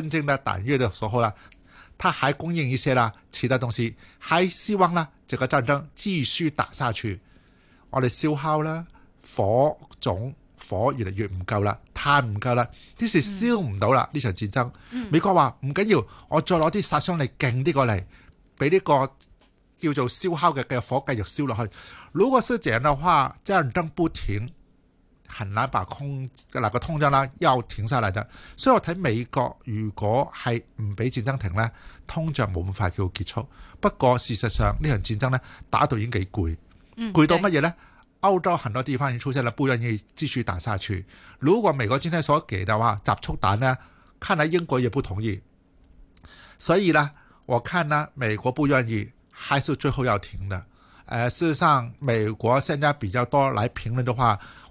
真正大約的打越的時候啦，他還供應一些啦，其他東西，還希望呢，這個戰爭繼續打下去。我哋燒烤啦，火種火越嚟越唔夠啦，太唔夠啦，即係燒唔到啦呢場戰爭。嗯、美國話唔緊要，我再攞啲殺傷力勁啲過嚟，俾呢個叫做燒烤嘅嘅火繼續燒落去。如果是這樣嘅話，戰爭不停。很難把空那個通漲啦，又停晒嚟，所以我睇美國如果係唔俾戰爭停呢，通脹冇咁快叫結束。不過事實上呢場、這個、戰爭呢打到已經幾攰，攰到乜嘢呢？歐、嗯、洲很多地方已經出啦，不願意繼續打下去。如果美國今天所給的話，集束彈呢，看來英國也不同意。所以呢，我看呢美國不願意，還是最後要停的。誒、呃，事實上美國現在比較多來評論的話。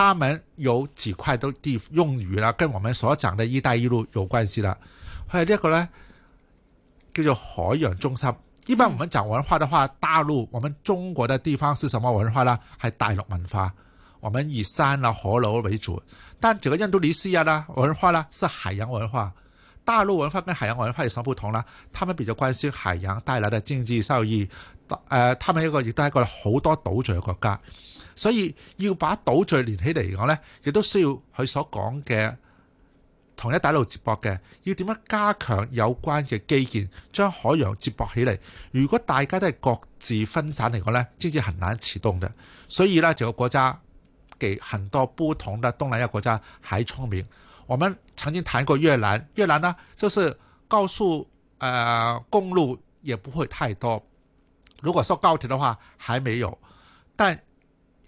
他們有幾塊都地用語啦，跟我們所講的一帶一路有關係啦。佢係呢一個呢叫做海洋中心。一般我們講文化的話，大陸我們中國的地方是什麼文化呢？係大陸文化，我們以山啦，啊、河流為主。但整個印度尼西亞啦文化呢，是海洋文化。大陸文化跟海洋文化有什麼不同呢？他們比較關心海洋帶來的經濟收益。誒、呃，他們一個亦都係一個好多島嶼嘅國家。所以要把島嶼連起嚟講呢，亦都需要佢所講嘅同一大陸接駁嘅，要點樣加強有關嘅基建，將海洋接駁起嚟。如果大家都係各自分散嚟講呢，先至很難持動嘅。所以呢，這個國家給很多不同的東南亞國家仲聰明。我們曾經談過越南，越南呢，就是高速，誒、呃、公路也不會太多。如果說高鐵的話，還沒有，但